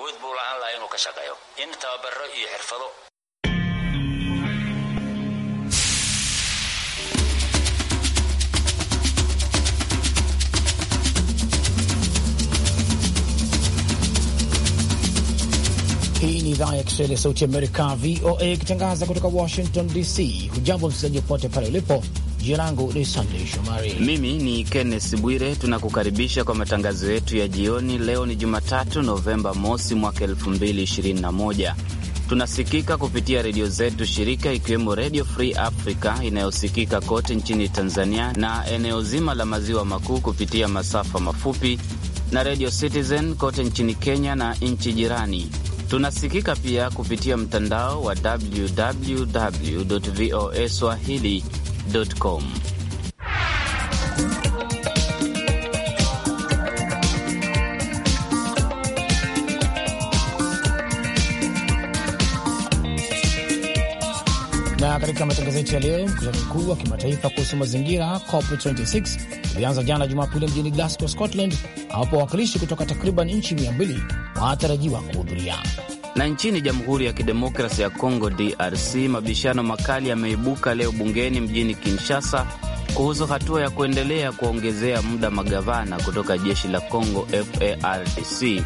awood buu lahaan lahaa inuu ka shaqeeyo in tababaro iyo xirfado Hii ni idhaa ya Kiswahili ya Sauti Amerika, VOA, ikitangaza kutoka Washington DC. Hujambo msikilizaji, popote pale ulipo. Jina langu ni Sandey Shomari. Mimi ni Kenneth Bwire. Tunakukaribisha kwa matangazo yetu ya jioni. Leo ni Jumatatu, Novemba mosi mwaka 221 Tunasikika kupitia redio zetu shirika ikiwemo Redio Free Africa inayosikika kote nchini Tanzania na eneo zima la maziwa makuu kupitia masafa mafupi na Redio Citizen kote nchini Kenya na nchi jirani. Tunasikika pia kupitia mtandao wa www voa swahili voaswahili.com. Na katika matangazo yetu ya leo, mkutano mkuu wa kimataifa kuhusu mazingira COP26 ulianza jana Jumapili mjini Glasgow, Scotland, ambapo wawakilishi kutoka takriban nchi 200 wanatarajiwa kuhudhuria. Na nchini Jamhuri ya Kidemokrasi ya Kongo, DRC, mabishano makali yameibuka leo bungeni mjini Kinshasa kuhusu hatua ya kuendelea kuongezea muda magavana kutoka jeshi la congo FARDC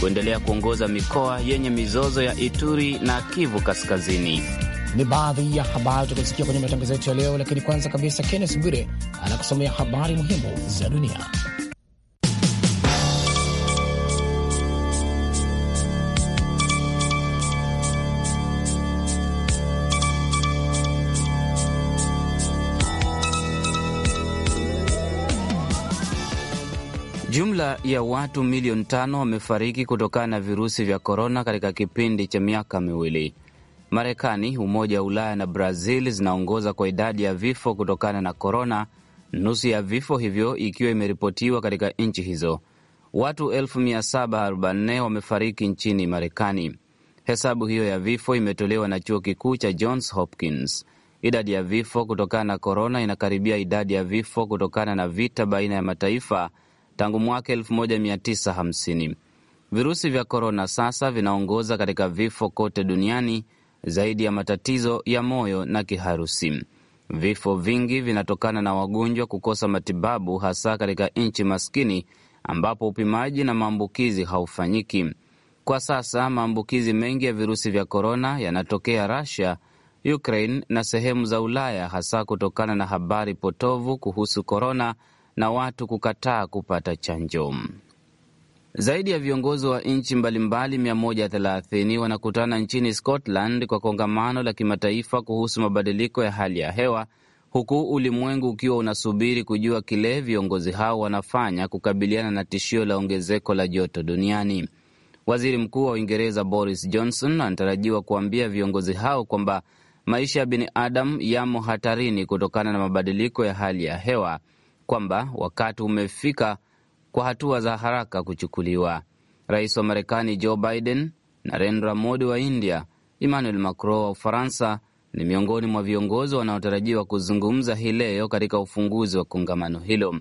kuendelea kuongoza mikoa yenye mizozo ya Ituri na Kivu Kaskazini. Ni baadhi ya habari tutakazosikia kwenye matangazo yetu ya leo, lakini kwanza kabisa, Kennes Bwire anakusomea habari muhimu za dunia. Jumla ya watu milioni tano wamefariki kutokana na virusi vya korona katika kipindi cha miaka miwili. Marekani, Umoja wa Ulaya na Brazil zinaongoza kwa idadi ya vifo kutokana na korona, nusu ya vifo hivyo ikiwa imeripotiwa katika nchi hizo. Watu 1744 wamefariki nchini Marekani. Hesabu hiyo ya vifo imetolewa na chuo kikuu cha Johns Hopkins. Idadi ya vifo kutokana na korona inakaribia idadi ya vifo kutokana na vita baina ya mataifa tangu mwaka 1950. Virusi vya korona sasa vinaongoza katika vifo kote duniani, zaidi ya matatizo ya moyo na kiharusi. Vifo vingi vinatokana na wagonjwa kukosa matibabu, hasa katika nchi maskini ambapo upimaji na maambukizi haufanyiki. Kwa sasa maambukizi mengi ya virusi vya korona yanatokea rasia Ukraine na sehemu za Ulaya, hasa kutokana na habari potovu kuhusu korona na watu kukataa kupata chanjo. Zaidi ya viongozi wa nchi mbalimbali 130 wanakutana nchini Scotland kwa kongamano la kimataifa kuhusu mabadiliko ya hali ya hewa, huku ulimwengu ukiwa unasubiri kujua kile viongozi hao wanafanya kukabiliana na tishio la ongezeko la joto duniani. Waziri Mkuu wa Uingereza Boris Johnson anatarajiwa kuambia viongozi hao kwamba maisha ya binadamu yamo hatarini kutokana na mabadiliko ya hali ya hewa kwamba wakati umefika kwa hatua za haraka kuchukuliwa. Rais wa Marekani Joe Biden, Narendra Modi wa India, Emmanuel Macron wa Ufaransa ni miongoni mwa viongozi wanaotarajiwa kuzungumza hii leo katika ufunguzi wa kongamano hilo.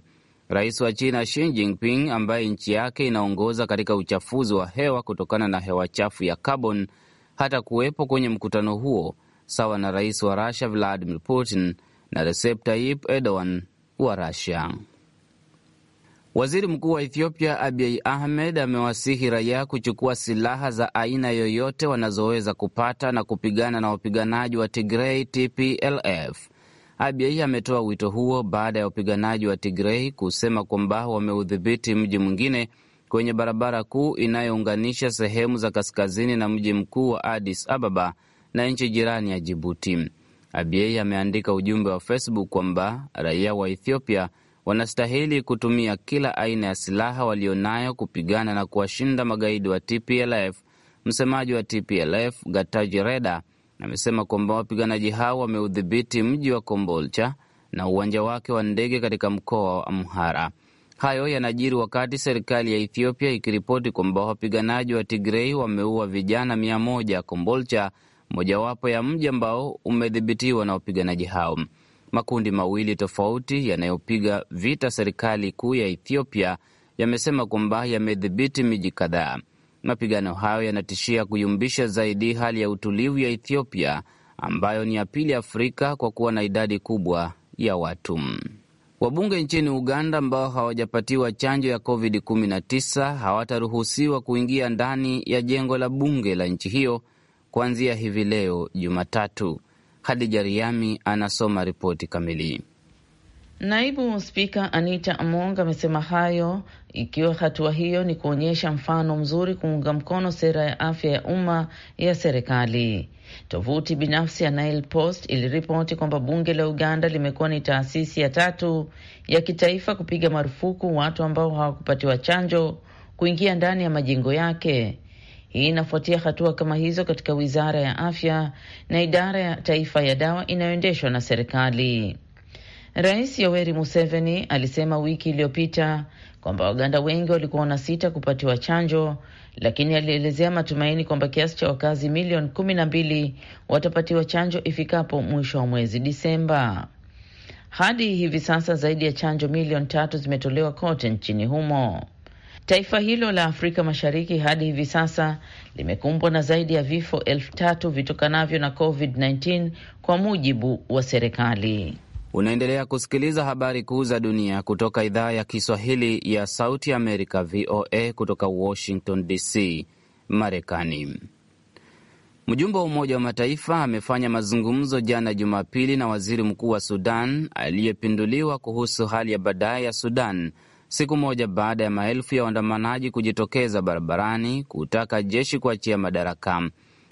Rais wa China Xi Jinping, ambaye nchi yake inaongoza katika uchafuzi wa hewa kutokana na hewa chafu ya carbon, hata kuwepo kwenye mkutano huo, sawa na rais wa Rusia Vladimir Putin na Recep Tayyip Erdogan wa Rasia. Waziri mkuu wa Ethiopia Abiy Ahmed amewasihi raia kuchukua silaha za aina yoyote wanazoweza kupata na kupigana na wapiganaji wa Tigrei, TPLF. Abiy ametoa wito huo baada ya wapiganaji wa Tigrei kusema kwamba wameudhibiti mji mwingine kwenye barabara kuu inayounganisha sehemu za kaskazini na mji mkuu wa Addis Ababa na nchi jirani ya Jibuti aba ameandika ujumbe wa Facebook kwamba raia wa Ethiopia wanastahili kutumia kila aina ya silaha walionayo kupigana na kuwashinda magaidi wa TPLF. Msemaji wa TPLF Gataji Reda amesema kwamba wapiganaji hao wameudhibiti mji wa Kombolcha na uwanja wake wa ndege katika mkoa wa Amhara. Hayo yanajiri wakati serikali ya Ethiopia ikiripoti kwamba wapiganaji wa Tigrei wameua vijana mia moja Kombolcha mojawapo ya mji ambao umedhibitiwa na wapiganaji hao. Makundi mawili tofauti yanayopiga vita serikali kuu ya Ethiopia yamesema kwamba yamedhibiti miji kadhaa. Mapigano hayo yanatishia kuyumbisha zaidi hali ya utulivu ya Ethiopia ambayo ni ya pili Afrika kwa kuwa na idadi kubwa ya watu. Wabunge nchini Uganda ambao hawajapatiwa chanjo ya COVID-19 hawataruhusiwa kuingia ndani ya jengo la bunge la nchi hiyo kuanzia hivi leo Jumatatu. hadija Riami anasoma ripoti kamili. Naibu Spika Anita Among amesema hayo ikiwa hatua hiyo ni kuonyesha mfano mzuri kuunga mkono sera ya afya ya umma ya serikali. Tovuti binafsi ya Nile Post iliripoti kwamba bunge la Uganda limekuwa ni taasisi ya tatu ya kitaifa kupiga marufuku watu ambao hawakupatiwa chanjo kuingia ndani ya majengo yake. Hii inafuatia hatua kama hizo katika wizara ya afya na idara ya taifa ya dawa inayoendeshwa na serikali. Rais Yoweri Museveni alisema wiki iliyopita kwamba Waganda wengi walikuwa wanasita kupatiwa chanjo, lakini alielezea matumaini kwamba kiasi cha wakazi milioni kumi na mbili watapatiwa chanjo ifikapo mwisho wa mwezi Disemba. Hadi hivi sasa zaidi ya chanjo milioni tatu zimetolewa kote nchini humo. Taifa hilo la Afrika Mashariki hadi hivi sasa limekumbwa na zaidi ya vifo elfu tatu vitokanavyo na COVID-19 kwa mujibu wa serikali. Unaendelea kusikiliza habari kuu za dunia kutoka idhaa ya Kiswahili ya Sauti Amerika, VOA, kutoka Washington DC, Marekani. Mjumbe wa Umoja wa Mataifa amefanya mazungumzo jana Jumapili na waziri mkuu wa Sudan aliyepinduliwa kuhusu hali ya baadaye ya Sudan siku moja baada ya maelfu ya waandamanaji kujitokeza barabarani kutaka jeshi kuachia madaraka.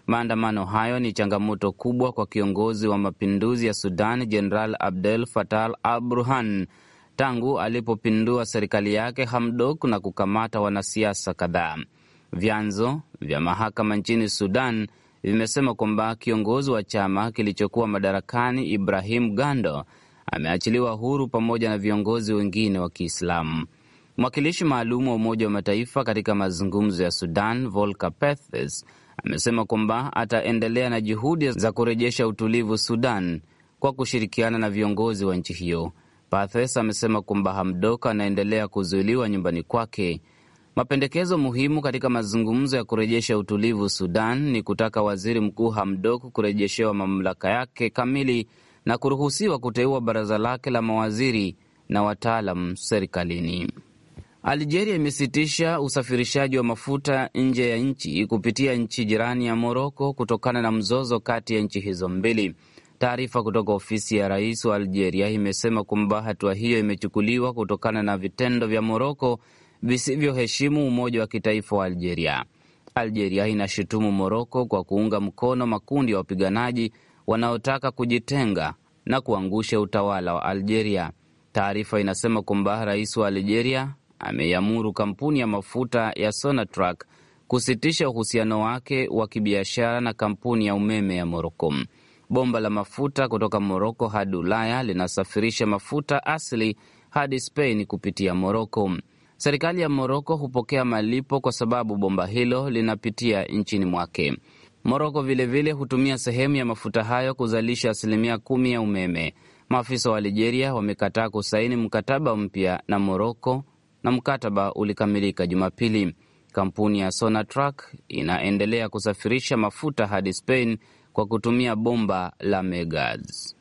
Maandamano hayo ni changamoto kubwa kwa kiongozi wa mapinduzi ya Sudan Jeneral Abdel Fatal al-Burhan tangu alipopindua serikali yake Hamdok na kukamata wanasiasa kadhaa. Vyanzo vya mahakama nchini Sudan vimesema kwamba kiongozi wa chama kilichokuwa madarakani Ibrahim Gando ameachiliwa huru pamoja na viongozi wengine wa Kiislamu. Mwakilishi maalum wa Umoja wa Mataifa katika mazungumzo ya Sudan, Volker Perthes, amesema kwamba ataendelea na juhudi za kurejesha utulivu Sudan kwa kushirikiana na viongozi wa nchi hiyo. Perthes amesema kwamba Hamdok anaendelea kuzuiliwa nyumbani kwake. Mapendekezo muhimu katika mazungumzo ya kurejesha utulivu Sudan ni kutaka waziri mkuu Hamdok kurejeshewa mamlaka yake kamili na kuruhusiwa kuteua baraza lake la mawaziri na wataalam serikalini. Algeria imesitisha usafirishaji wa mafuta nje ya nchi kupitia nchi jirani ya Moroko kutokana na mzozo kati ya nchi hizo mbili. Taarifa kutoka ofisi ya rais wa Algeria imesema kwamba hatua hiyo imechukuliwa kutokana na vitendo vya Moroko visivyoheshimu umoja wa kitaifa wa Algeria. Algeria inashutumu Moroko kwa kuunga mkono makundi ya wapiganaji wanaotaka kujitenga na kuangusha utawala wa Algeria. Taarifa inasema kwamba rais wa Algeria ameiamuru kampuni ya mafuta ya Sonatrach kusitisha uhusiano wake wa kibiashara na kampuni ya umeme ya Moroko. Bomba la mafuta kutoka Moroko hadi Ulaya linasafirisha mafuta asili hadi Spain kupitia Moroko. Serikali ya Moroko hupokea malipo kwa sababu bomba hilo linapitia nchini mwake. Moroko vilevile hutumia sehemu ya mafuta hayo kuzalisha asilimia kumi ya umeme. Maafisa wa Algeria wamekataa kusaini mkataba mpya na Moroko na mkataba ulikamilika Jumapili. Kampuni ya Sonatrach inaendelea kusafirisha mafuta hadi Spain kwa kutumia bomba la Megas.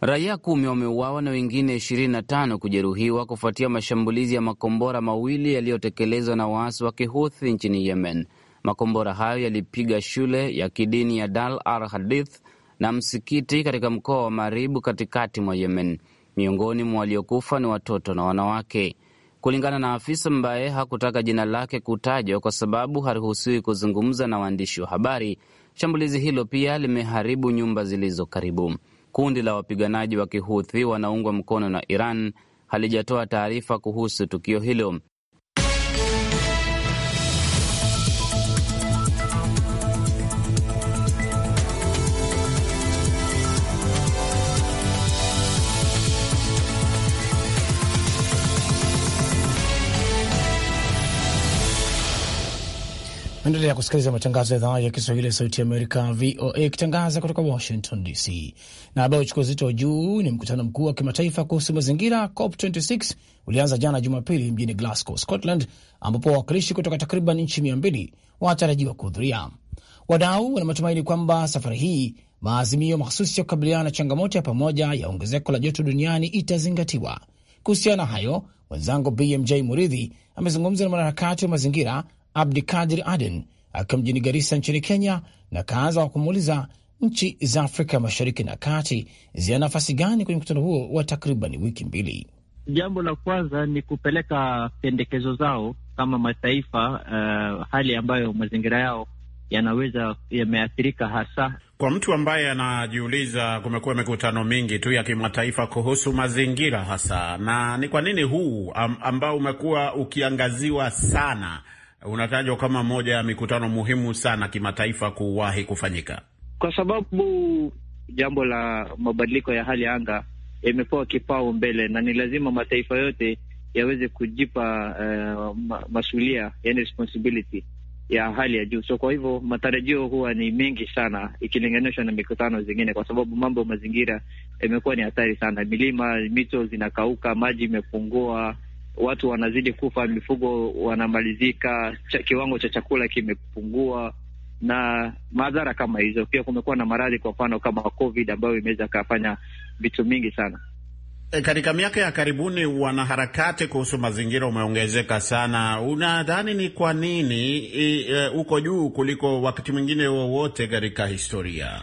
Raia kumi wameuawa na wengine 25 kujeruhiwa kufuatia mashambulizi ya makombora mawili yaliyotekelezwa na waasi wa Kihuthi nchini Yemen. Makombora hayo yalipiga shule ya kidini ya dal al Hadith na msikiti katika mkoa wa Maribu katikati mwa Yemen. Miongoni mwa waliokufa ni watoto na wanawake, kulingana na afisa ambaye hakutaka jina lake kutajwa kwa sababu haruhusiwi kuzungumza na waandishi wa habari. Shambulizi hilo pia limeharibu nyumba zilizo karibu. Kundi la wapiganaji wa Kihuthi wanaungwa mkono na Iran halijatoa taarifa kuhusu tukio hilo. Naendelea kusikiliza matangazo ya idhaa ya Kiswahili ya Sauti Amerika, VOA, ikitangaza kutoka Washington DC. Na habari uchukua uzito wa juu ni mkutano mkuu wa kimataifa kuhusu mazingira COP26 ulianza jana Jumapili mjini Glasgow, Scotland, ambapo wawakilishi kutoka takriban nchi mia mbili wanatarajiwa kuhudhuria. Wadau wana matumaini kwamba safari hii maazimio mahususi ya kukabiliana na changamoto ya pamoja ya ongezeko la joto duniani itazingatiwa. Kuhusiana na hayo, mwenzangu BMJ Muridhi amezungumza na mwanaharakati wa mazingira Abdikadir Aden akiwa mjini Garisa nchini Kenya, na kaanza kwa kumuuliza nchi za Afrika mashariki na kati zina nafasi gani kwenye mkutano huo wa takriban wiki mbili? Jambo la kwanza ni kupeleka pendekezo zao kama mataifa, uh, hali ambayo mazingira yao yanaweza yameathirika hasa kwa mtu ambaye anajiuliza, kumekuwa mikutano mingi tu ya kimataifa kuhusu mazingira hasa, na ni kwa nini huu ambao umekuwa ukiangaziwa sana unatajwa kama moja ya mikutano muhimu sana kimataifa kuwahi kufanyika kwa sababu jambo la mabadiliko ya hali ya anga imepewa mbele na ni lazima mataifa yote yaweze kujipa uh, ma masulia yani responsibility ya hali ya juu. So kwa hivyo matarajio huwa ni mengi sana ikilinganishwa na mikutano zingine, kwa sababu mambo ya mazingira imekuwa ni hatari sana. Milima, mito zinakauka, maji imepungua, watu wanazidi kufa, mifugo wanamalizika, ch kiwango cha chakula kimepungua na madhara kama hizo. Pia kumekuwa na maradhi kwa mfano kama COVID ambayo imeweza kafanya vitu mingi sana. E, katika miaka ya karibuni wanaharakati kuhusu mazingira umeongezeka sana. Unadhani ni kwa nini e, uko e, juu kuliko wakati mwingine wowote katika historia?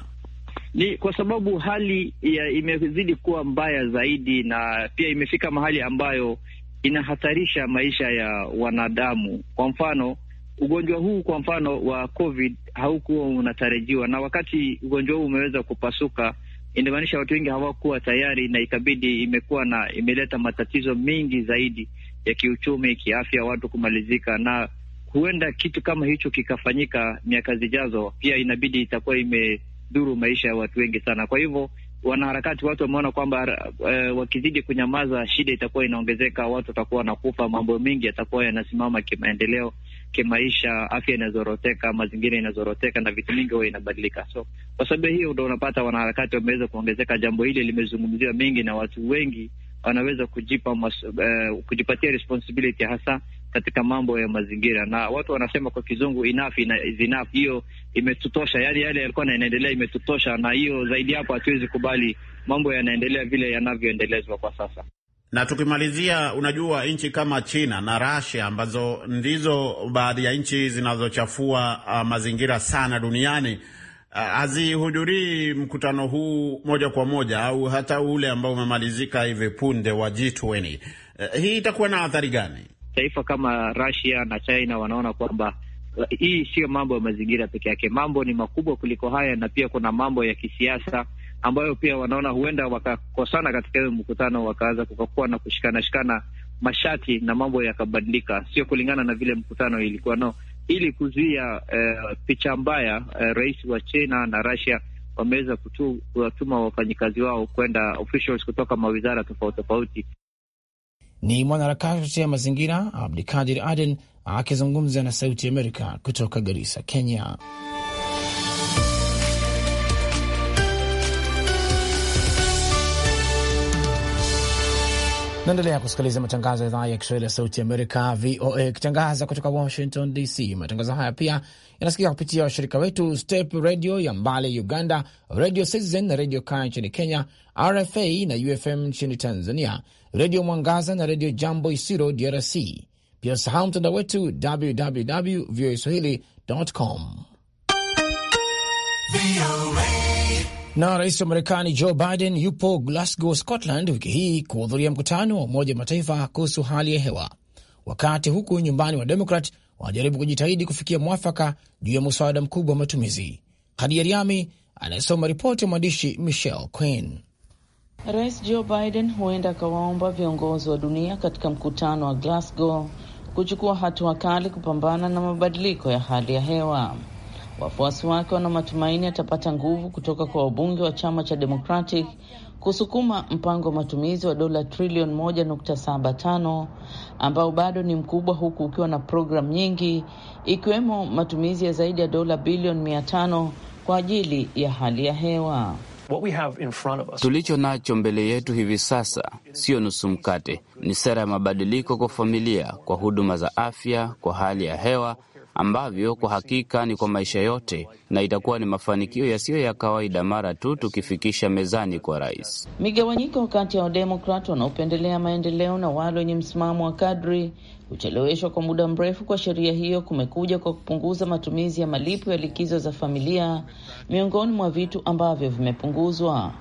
Ni kwa sababu hali ya imezidi kuwa mbaya zaidi, na pia imefika mahali ambayo inahatarisha maisha ya wanadamu. Kwa mfano ugonjwa huu kwa mfano wa COVID haukuwa unatarajiwa, na wakati ugonjwa huu umeweza kupasuka, inamaanisha watu wengi hawakuwa tayari, na ikabidi imekuwa na imeleta matatizo mengi zaidi ya kiuchumi, kiafya, watu kumalizika, na huenda kitu kama hicho kikafanyika miaka zijazo, pia inabidi itakuwa imedhuru maisha ya watu wengi sana. Kwa hivyo wanaharakati, watu wameona kwamba e, wakizidi kunyamaza, shida itakuwa inaongezeka, watu watakuwa wanakufa, mambo mengi yatakuwa yanasimama kimaendeleo, kimaisha, afya inazoroteka, mazingira inazoroteka, na vitu mingi huwa inabadilika. So kwa sababu hiyo ndo unapata wanaharakati wameweza kuongezeka. Jambo hili limezungumziwa mengi na watu wengi wanaweza kujipa mas, uh, kujipatia responsibility hasa katika mambo ya mazingira, na watu wanasema kwa kizungu inafi na enough. Hiyo imetutosha, yani yale yalikuwa yanaendelea imetutosha, na hiyo zaidi hapo hatuwezi kubali mambo yanaendelea vile yanavyoendelezwa kwa sasa. Na tukimalizia, unajua nchi kama China na Russia ambazo ndizo baadhi ya nchi zinazochafua uh, mazingira sana duniani uh, hazihudhurii mkutano huu moja kwa moja au hata ule ambao umemalizika hivi punde wa G20. Uh, hii itakuwa na athari gani? taifa kama Russia na China wanaona kwamba eh, hii siyo mambo ya mazingira peke yake, mambo ni makubwa kuliko haya, na pia kuna mambo ya kisiasa ambayo pia wanaona huenda wakakosana katika hiyo mkutano, wakaanza kukakuwa na kushikanashikana mashati na mambo yakabadilika, sio kulingana na vile mkutano ilikuwa no. Ili kuzuia eh, picha mbaya eh, rais wa China na Russia wameweza kuwatuma wafanyikazi wao kwenda officials kutoka mawizara tofauti tofauti ni mwanaharakati wa kutetea mazingira Abdikadir Aden akizungumza na Sauti Amerika kutoka Garisa, Kenya. Naendelea kusikiliza matangazo ya idhaa ya Kiswahili ya Sauti Amerika, VOA, ikitangaza kutoka Washington DC. Matangazo haya pia yanasikika kupitia washirika wetu Step Redio ya Mbale Uganda, Radio Citizen na Redio Kaya nchini Kenya, RFA na UFM nchini Tanzania, redio Mwangaza na redio Jambo Isiro, DRC. Pia usahau mtandao wetu www voa swahilicom. Na rais wa Marekani Joe Biden yupo Glasgow, Scotland wiki hii kuhudhuria mkutano wa Umoja wa Mataifa kuhusu hali ya hewa, wakati huku nyumbani wa Demokrat wanajaribu kujitahidi kufikia mwafaka juu ya muswada mkubwa wa matumizi. Hadi Yariami anayesoma ripoti ya mwandishi Michelle Quinn. Rais Joe Biden huenda akawaomba viongozi wa dunia katika mkutano wa Glasgow kuchukua hatua kali kupambana na mabadiliko ya hali ya hewa. Wafuasi wake wana matumaini atapata nguvu kutoka kwa wabunge wa chama cha Democratic kusukuma mpango wa matumizi wa dola trilioni 1.75 ambao bado ni mkubwa, huku ukiwa na programu nyingi ikiwemo matumizi ya zaidi ya dola bilioni 500 kwa ajili ya hali ya hewa. Tulicho nacho mbele yetu hivi sasa sio nusu mkate, ni sera ya mabadiliko kwa familia, kwa huduma za afya, kwa hali ya hewa ambavyo kwa hakika ni kwa maisha yote na itakuwa ni mafanikio yasiyo ya kawaida mara tu tukifikisha mezani kwa rais. Migawanyiko kati ya Wademokrat wanaopendelea maendeleo na wale wenye msimamo wa kadri kucheleweshwa kwa muda mrefu kwa sheria hiyo kumekuja kwa kupunguza matumizi ya malipo ya likizo za familia, miongoni mwa vitu ambavyo vimepunguzwa.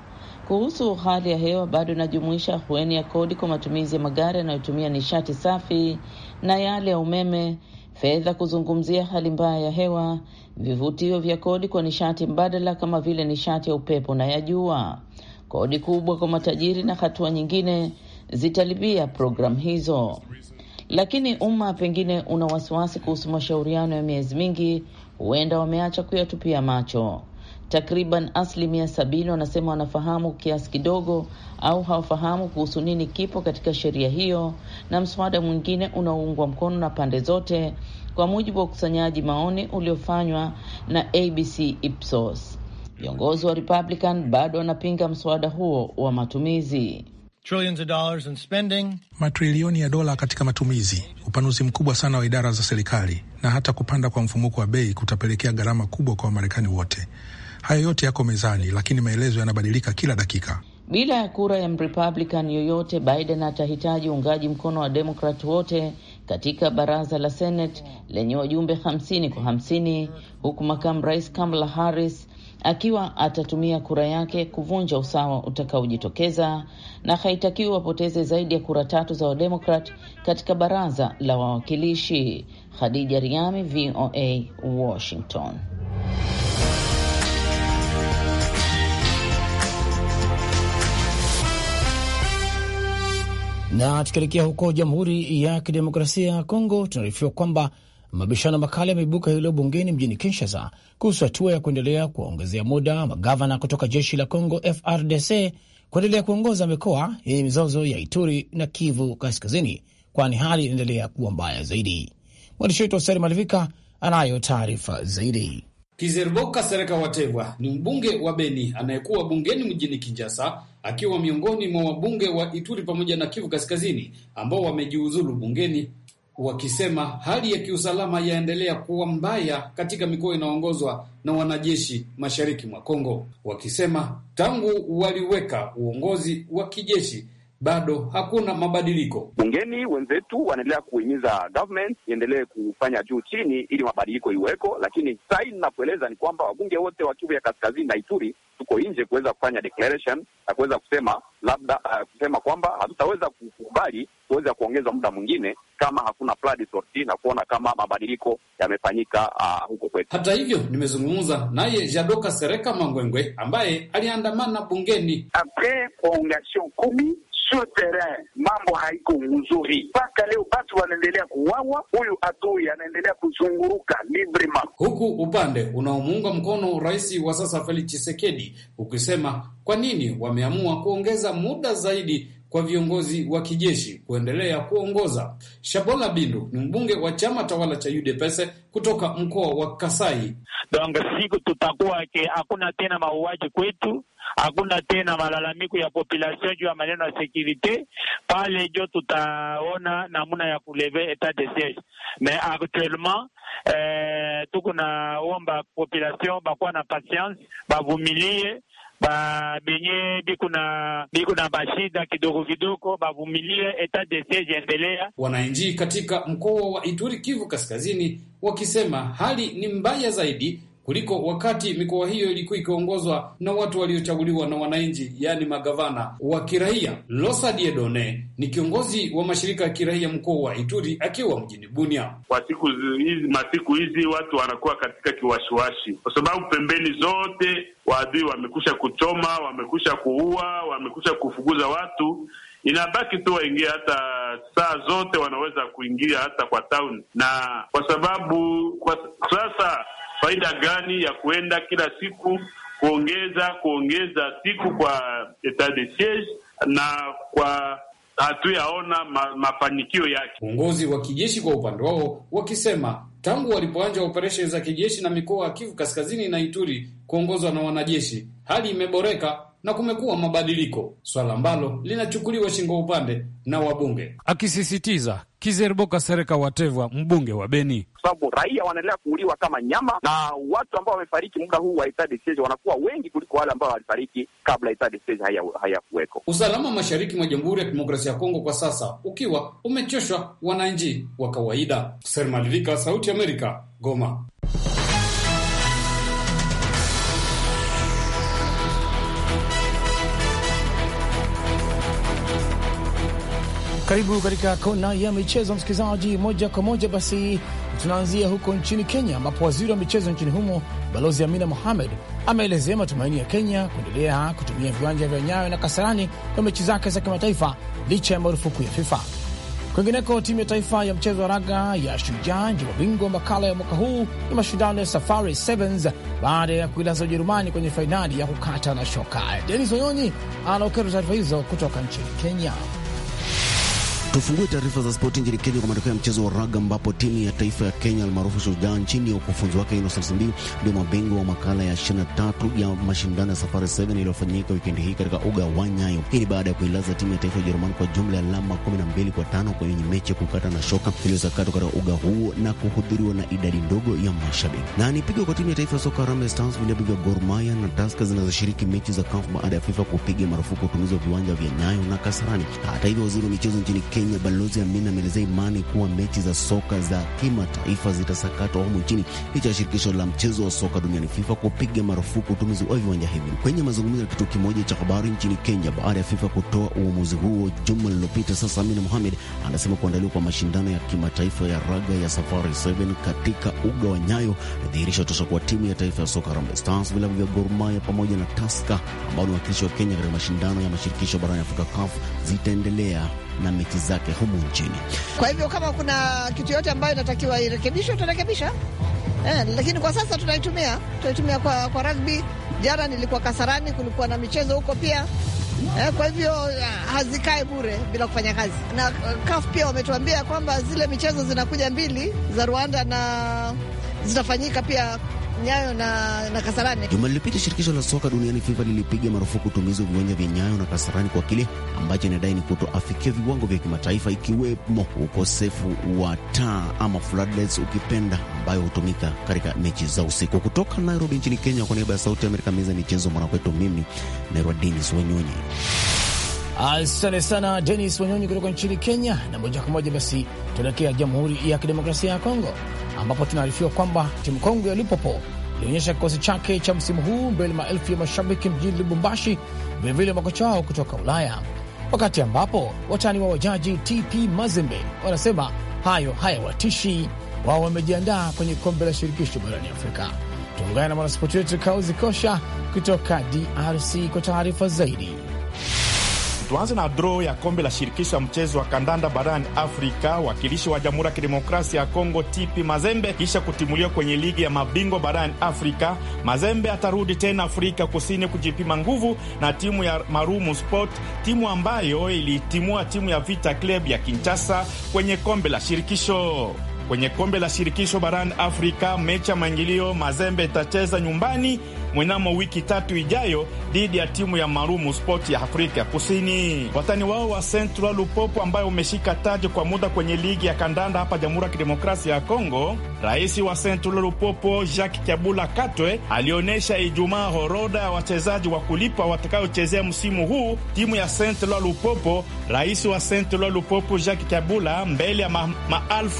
Kuhusu hali ya hewa, bado inajumuisha ahueni ya kodi kwa matumizi ya magari yanayotumia nishati safi na yale ya umeme, fedha kuzungumzia hali mbaya ya hewa, vivutio vya kodi kwa nishati mbadala kama vile nishati ya upepo na ya jua, kodi kubwa kwa matajiri na hatua nyingine zitalipia programu hizo. Lakini umma pengine una wasiwasi kuhusu mashauriano ya miezi mingi, huenda wameacha kuyatupia macho. Takriban asilimia sabini wanasema wanafahamu kiasi kidogo au hawafahamu kuhusu nini kipo katika sheria hiyo na mswada mwingine unaoungwa mkono na pande zote, kwa mujibu wa ukusanyaji maoni uliofanywa na ABC Ipsos. Viongozi wa Republican bado wanapinga mswada huo wa matumizi matrilioni ya dola katika matumizi, upanuzi mkubwa sana wa idara za serikali, na hata kupanda kwa mfumuko wa bei kutapelekea gharama kubwa kwa Wamarekani wote. Haya yote yako mezani, lakini maelezo yanabadilika kila dakika. Bila ya kura ya Mrepublican yoyote, Biden atahitaji uungaji mkono wa Demokrat wote katika baraza la Senate lenye wajumbe 50 kwa 50 huku makamu rais Kamala Harris akiwa atatumia kura yake kuvunja usawa utakaojitokeza na haitakiwi wapoteze zaidi ya kura tatu za Wademokrat katika baraza la wawakilishi. Khadija Riami, VOA, Washington. Na tukielekea huko Jamhuri ya Kidemokrasia ya Kongo, tunaarifiwa kwamba mabishano makali yameibuka hii leo bungeni mjini Kinshasa kuhusu hatua ya kuendelea kuwaongezea muda magavana kutoka jeshi la Kongo FRDC kuendelea kuongoza mikoa yenye mizozo ya Ituri na Kivu Kaskazini, kwani hali inaendelea kuwa mbaya zaidi. Mwandishi wetu Hosteri Malivika anayo taarifa zaidi. Kizerboka Sereka Watevwa ni mbunge wa Beni anayekuwa bungeni mjini Kinshasa akiwa miongoni mwa wabunge wa Ituri pamoja na Kivu Kaskazini ambao wamejiuzulu bungeni wakisema hali ya kiusalama yaendelea kuwa mbaya katika mikoa inayoongozwa na wanajeshi mashariki mwa Kongo, wakisema tangu waliweka uongozi wa kijeshi bado hakuna mabadiliko. Bungeni wenzetu wanaendelea kuhimiza government iendelee kufanya juu chini ili mabadiliko iweko, lakini sahii ninapoeleza ni kwamba wabunge wote wa Kivu ya Kaskazini na Ituri tuko nje kuweza kufanya declaration na kuweza kusema labda, uh, kusema kwamba hatutaweza kukubali kuweza kuongezwa muda mwingine kama hakuna pladi na kuona kama mabadiliko yamefanyika uh, huko kwetu. Hata hivyo nimezungumza naye Jadoka Sereka Mangwengwe ambaye aliandamana bungeni apres prolongation kumi sur mambo haiko mzuri mpaka leo, batu wanaendelea kuwawa, huyu adui anaendelea kuzunguruka librema, huku upande unaomuunga mkono rais wa sasa Felix Tshisekedi ukisema kwa nini wameamua kuongeza muda zaidi kwa viongozi wa kijeshi kuendelea kuongoza. Shabola Bindu ni mbunge wa chama tawala cha UDPS kutoka mkoa wa Kasai. Donc siku tutakuwa ke hakuna tena mauaji kwetu hakuna tena malalamiko ya population juu ya maneno ya securite pale, jo tutaona namuna ya kuleve etat de siege mais actuellement eh, tuko naomba population bakuwa na patience, bavumilie ba benye biku na biko na bashida kidogo kidogo, bavumilie etat de siege endelea. Wananchi katika mkoa wa Ituri, Kivu Kaskazini, wakisema hali ni mbaya zaidi kuliko wakati mikoa hiyo ilikuwa ikiongozwa na watu waliochaguliwa na wananchi, yaani magavana wa kiraia. Losa Diedone ni kiongozi wa mashirika ya kiraia mkoa wa Ituri akiwa mjini Bunia. Kwa siku hizi masiku hizi watu wanakuwa katika kiwashiwashi, kwa sababu pembeni zote waadui wamekusha kuchoma, wamekusha kuua, wamekusha kufukuza watu inabaki tu waingie, hata saa zote wanaweza kuingia hata kwa town, na kwa sababu kwa sasa faida gani ya kuenda kila siku kuongeza kuongeza siku kwa etat de siege na kwa hatuyaona mafanikio yake. Uongozi wa kijeshi kwa upande wao wakisema tangu walipoanza operesheni za kijeshi na mikoa ya Kivu Kaskazini na Ituri kuongozwa na wanajeshi, hali imeboreka na kumekuwa mabadiliko, swala ambalo linachukuliwa shingo upande na wabunge, akisisitiza Kizeriboka Sereka Watevwa, mbunge wa Beni. Kwa sababu raia wanaendelea kuuliwa kama nyama, na watu ambao wamefariki muda huu wa itadi stage wanakuwa wengi kuliko wale ambao walifariki kabla itadi stage hayakuweko. Haya, usalama mashariki mwa Jamhuri ya Kidemokrasia ya Kongo kwa sasa ukiwa umechoshwa wananchi wa kawaida. Sermalivika, Sauti Amerika, Goma. Karibu katika kona ya michezo, msikilizaji. Moja kwa moja basi tunaanzia huko nchini Kenya, ambapo waziri wa michezo nchini humo Balozi Amina Mohamed ameelezea matumaini ya Kenya kuendelea kutumia viwanja vya Nyayo na Kasarani kwa mechi zake za kimataifa licha ya marufuku ya FIFA. Kwingineko, timu ya taifa ya mchezo wa raga ya Shujaa ndio mabingwa makala ya mwaka huu ya mashindano ya Safari Sevens baada ya kuilaza Ujerumani kwenye fainali ya kukata na shoka. Denis Oyoni anaokerwa taarifa hizo kutoka nchini Kenya. Tufungue taarifa za spoti nchini Kenya kwa matokeo ya mchezo wa raga ambapo timu ya taifa ya Kenya almaarufu Shujaa chini ya ukufunzi wake Innocent Simbi ndio mabingwa wa makala ya 23 ya mashindano ya Safari 7 iliyofanyika wikendi hii katika uga wa Nyayo. Hii ni baada ya kuilaza timu ya taifa ya Ujerumani kwa jumla ya alama 12 kwa tano kwenye mechi ya kukata na shoka iliyosakatwa katika uga huo na kuhudhuriwa na idadi ndogo ya mashabiki. Na nipigo kwa timu ya taifa ya soka Harambee Stars, vilabu vya Gor Mahia na Tusker zinazoshiriki mechi za CAF baada ya FIFA kupiga marufuku utumizi wa viwanja vya Nyayo na Kasarani. Hata hivyo, waziri wa michezo nchini Kenya Kenya Balozi Amin ameelezea imani kuwa mechi za soka za kimataifa zitasakatwa humu nchini licha ya shirikisho la mchezo wa soka duniani FIFA kupiga marufuku utumizi wa viwanja hivi. Kwenye mazungumzo ya kituo kimoja cha habari nchini Kenya baada ya FIFA kutoa uamuzi huo juma lililopita, sasa Amina Mohamed anasema kuandaliwa kwa mashindano ya kimataifa ya raga ya Safari 7 katika uga wa Nyayo nadhihirisha tosha kuwa timu ya taifa ya soka Harambee Stars, vilabu vya Gor Mahia pamoja na Tusker ambao ni wakilishi wa Kenya katika mashindano ya mashirikisho barani Afrika CAF zitaendelea na mechi zake humu nchini. Kwa hivyo kama kuna kitu yote ambayo inatakiwa irekebishwe, tutarekebisha eh, lakini kwa sasa tunaitumia tunaitumia kwa, kwa rugby. Jana nilikuwa Kasarani, kulikuwa na michezo huko pia eh, kwa hivyo eh, hazikae bure bila kufanya kazi, na eh, CAF pia wametuambia kwamba zile michezo zinakuja mbili za Rwanda na zitafanyika pia Nyayo na, na Kasarani. Juma lilipita shirikisho la soka duniani FIFA lilipiga marufuku utumizi wa viwanja vya Nyayo na Kasarani kwa kile ambacho inadai ni kutoafikia viwango vya kimataifa, ikiwemo ukosefu wa taa ama floodlights ukipenda, ambayo hutumika katika mechi za usiku. Kutoka Nairobi nchini Kenya, kwa niaba ya Sauti ya Amerika, meza michezo mwanakwetu, mimi naitwa Denis Wanyonyi. Asante sana Denis Wanyonyi kutoka nchini Kenya. Na moja kwa moja basi tuelekea Jamhuri ya Kidemokrasia ya Kongo ambapo tunaarifiwa kwamba timu kongwe ya Lupopo ilionyesha kikosi chake cha msimu huu mbele maelfu ya mashabiki mjini Lubumbashi, vilevile makocha wao kutoka Ulaya, wakati ambapo watani wa wajaji TP Mazembe wanasema hayo hayawatishi wao, wamejiandaa kwenye kombe la shirikisho barani Afrika. Tuungane na mwanaspoti wetu Kauzi Kosha kutoka DRC kwa taarifa zaidi. Tuanze na draw ya kombe la shirikisho ya mchezo wa kandanda barani Afrika, wakilishi wa Jamhuri ya Kidemokrasia ya Kongo TP Mazembe kisha kutimuliwa kwenye ligi ya mabingwa barani Afrika. Mazembe atarudi tena Afrika Kusini kujipima nguvu na timu ya Marumu Sport, timu ambayo ilitimua timu ya Vita Club ya Kinshasa kwenye kombe la shirikisho kwenye kombe la shirikisho barani Afrika. Mechi ya maingilio Mazembe itacheza nyumbani mwenamo wiki tatu ijayo dhidi ya timu ya Marumu Sport ya Afrika Kusini. Watani wao wa Central Lupopo, ambayo umeshika taji kwa muda kwenye ligi ya kandanda hapa Jamhuri ya Kidemokrasia ya Kongo, rais wa Central Lupopo Jacques Kabula Katwe alionyesha Ijumaa horoda ya wachezaji wa kulipa watakayochezea msimu huu timu ya Central Lupopo. Rais wa Central Lupopo Jacques Kabula mbele ya ma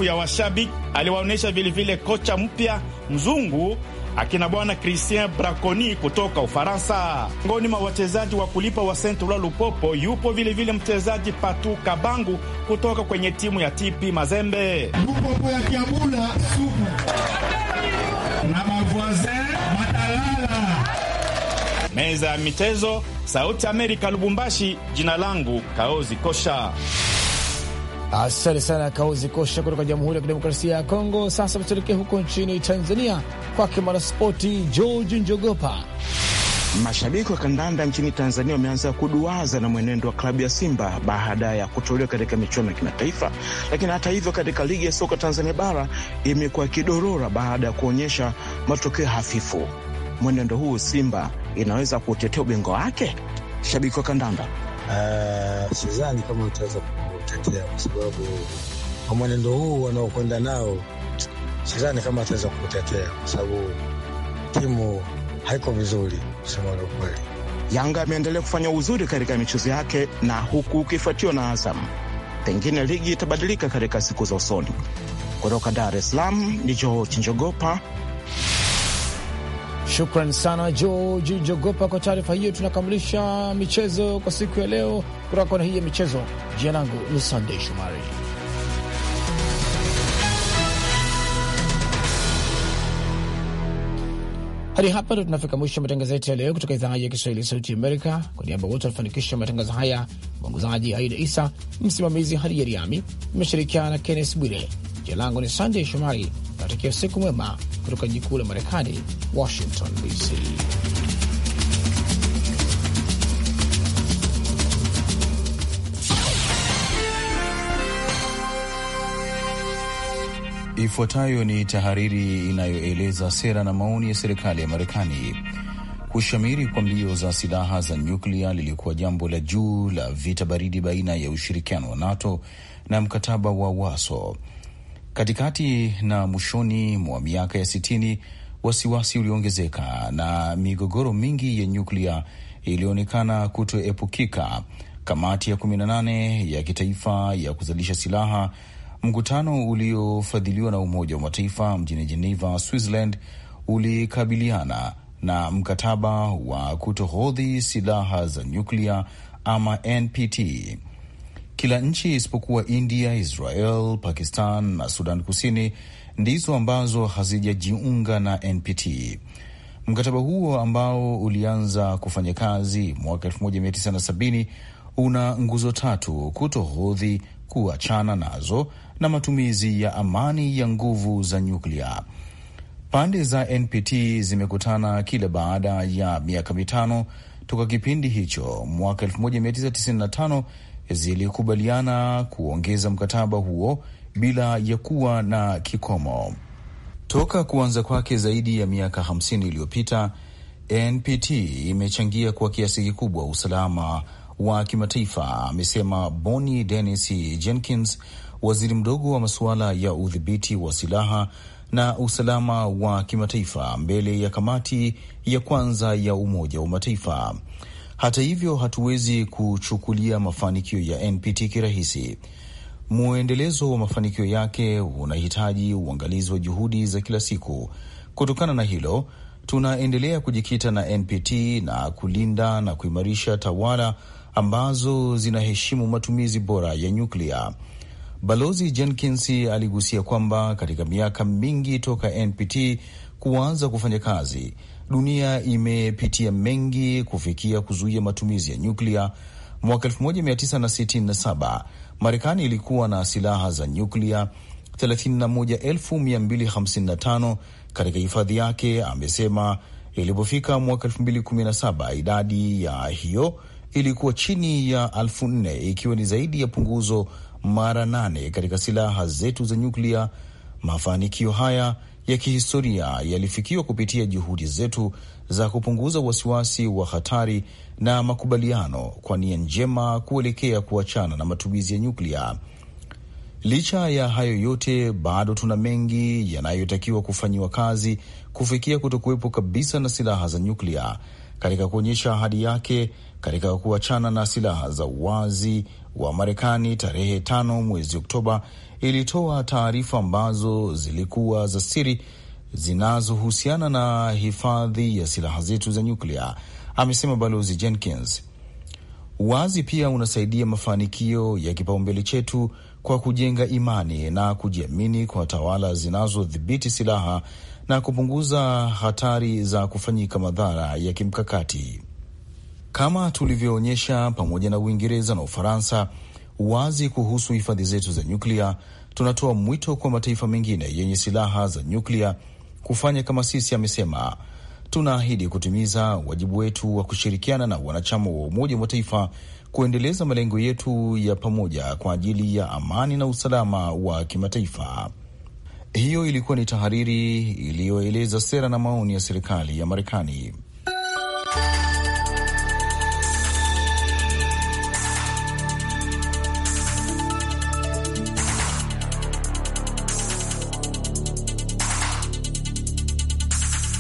ya washabiki aliwaonyesha vilevile kocha mpya mzungu akina bwana Christian Braconi kutoka Ufaransa. Ngoni mwa wachezaji wa kulipa wa Central Lupopo yupo vilevile mchezaji Patu Kabangu kutoka kwenye timu ya TP Mazembe. Lupopo ya Kiambula suku na mavoisin matalala. Meza ya michezo, Sauti Amerika, Lubumbashi. Jina langu Kaozi Kosha. Asante sana Kauzi Kosha kutoka Jamhuri ya Kidemokrasia ya Kongo. Sasa tuelekee huko nchini Tanzania kwake mwanaspoti George Njogopa. Mashabiki wa kandanda nchini Tanzania wameanza kuduaza na mwenendo wa klabu ya Simba baada ya kutolewa katika michuano ya kimataifa. Lakini hata hivyo, katika ligi ya soka Tanzania bara imekuwa ikidorora baada ya kuonyesha matokeo hafifu. Mwenendo huu Simba inaweza kutetea ubingwa wake? Shabiki wa kandanda, uh, sidhani kama utaweza kutetea, kwa sababu kwa mwenendo huu wanaokwenda nao, sidhani kama ataweza kutetea, kwa sababu timu haiko vizuri, kusema la ukweli. Yanga ameendelea kufanya uzuri katika michezo yake na huku ukifuatiwa na Azam. Pengine ligi itabadilika katika siku za usoni. Kutoka Dar es Salaam ni Joo Njogopa. Shukran sana George Jogopa kwa taarifa hiyo. Tunakamilisha michezo kwa siku ya leo kutoka kona hii ya michezo. Jina langu ni Sandey Shumari. Hadi hapa ndo tunafika mwisho wa matangazo yetu ya leo kutoka idhaa ya Kiswahili ya Sauti Amerika. Kwa niaba wote walifanikisha matangazo haya, mwongozaji Aida Isa, msimamizi Hadi Yeriami, imeshirikiana na Kennes Bwire. Jina langu ni sandey Shomari, natakia siku mwema kutoka jikuu la Marekani, Washington DC. Ifuatayo ni tahariri inayoeleza sera na maoni ya serikali ya Marekani. Kushamiri kwa mbio za silaha za nyuklia lilikuwa jambo la juu la vita baridi baina ya ushirikiano wa NATO na mkataba wa Waso Katikati na mwishoni mwa miaka ya sitini, wasiwasi uliongezeka na migogoro mingi ya nyuklia ilionekana kutoepukika. Kamati ya 18 ya kitaifa ya kuzalisha silaha, mkutano uliofadhiliwa na Umoja wa Mataifa mjini Geneva, Switzerland, ulikabiliana na mkataba wa kutohodhi silaha za nyuklia ama NPT. Kila nchi isipokuwa India, Israel, Pakistan na Sudan Kusini ndizo ambazo hazijajiunga na NPT. Mkataba huo ambao ulianza kufanya kazi mwaka 1970 una nguzo tatu: kutohodhi, kuachana nazo na matumizi ya amani ya nguvu za nyuklia. Pande za NPT zimekutana kila baada ya miaka mitano toka kipindi hicho. Mwaka 1995 zilikubaliana kuongeza mkataba huo bila ya kuwa na kikomo. Toka kuanza kwake zaidi ya miaka 50 iliyopita, NPT imechangia kwa kiasi kikubwa usalama wa kimataifa, amesema Boni Denis Jenkins, waziri mdogo wa masuala ya udhibiti wa silaha na usalama wa kimataifa mbele ya kamati ya kwanza ya Umoja wa Mataifa. Hata hivyo, hatuwezi kuchukulia mafanikio ya NPT kirahisi. mwendelezo wa mafanikio yake unahitaji uangalizi wa juhudi za kila siku. Kutokana na hilo, tunaendelea kujikita na NPT na kulinda na kuimarisha tawala ambazo zinaheshimu matumizi bora ya nyuklia. Balozi Jenkins aligusia kwamba katika miaka mingi toka NPT kuanza kufanya kazi dunia imepitia mengi kufikia kuzuia matumizi ya nyuklia. Mwaka 1967 Marekani ilikuwa na silaha za nyuklia 31255 katika hifadhi yake, amesema. Ilipofika mwaka 2017 idadi ya hiyo ilikuwa chini ya elfu nne ikiwa ni zaidi ya punguzo mara nane katika silaha zetu za nyuklia. Mafanikio haya ya kihistoria yalifikiwa kupitia juhudi zetu za kupunguza wasiwasi wa hatari na makubaliano kwa nia njema kuelekea kuachana na matumizi ya nyuklia. Licha ya hayo yote, bado tuna mengi yanayotakiwa kufanyiwa kazi kufikia kutokuwepo kabisa na silaha za nyuklia katika kuonyesha ahadi yake katika kuachana na silaha za uwazi wa Marekani tarehe tano mwezi Oktoba ilitoa taarifa ambazo zilikuwa za siri zinazohusiana na hifadhi ya silaha zetu za nyuklia, amesema Balozi Jenkins. Uwazi pia unasaidia mafanikio ya kipaumbele chetu kwa kujenga imani na kujiamini kwa tawala zinazodhibiti silaha na kupunguza hatari za kufanyika madhara ya kimkakati. Kama tulivyoonyesha pamoja na Uingereza na Ufaransa wazi kuhusu hifadhi zetu za nyuklia. Tunatoa mwito kwa mataifa mengine yenye silaha za nyuklia kufanya kama sisi, amesema. Tunaahidi kutimiza wajibu wetu wa kushirikiana na wanachama wa Umoja wa Mataifa kuendeleza malengo yetu ya pamoja kwa ajili ya amani na usalama wa kimataifa. Hiyo ilikuwa ni tahariri iliyoeleza sera na maoni ya serikali ya Marekani.